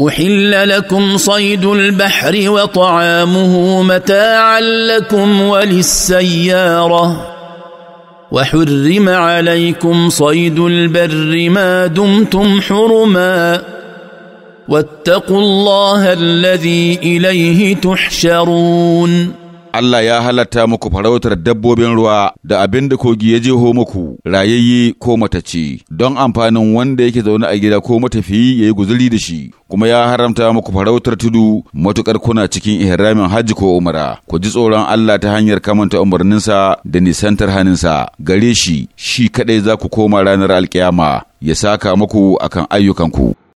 احل لكم صيد البحر وطعامه متاعا لكم وللسياره وحرم عليكم صيد البر ما دمتم حرما واتقوا الله الذي اليه تحشرون Allah ya halatta muku farautar dabbobin ruwa da abin da kogi ya jeho muku rayayye ko matace don amfanin wanda yake zaune a gida ko matafiyi ya yi guzuri da shi kuma ya haramta muku farautar tudu matukar kuna cikin ihramin hajji ko umara ku ji tsoron Allah ta hanyar kamanta umarninsa da nisantar haninsa gare shi shi kadai za ku koma ranar alkiyama ya saka muku akan ayyukanku